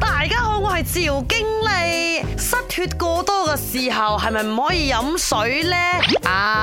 大家好，我係趙經理。失血過多嘅時候，係咪唔可以飲水呢？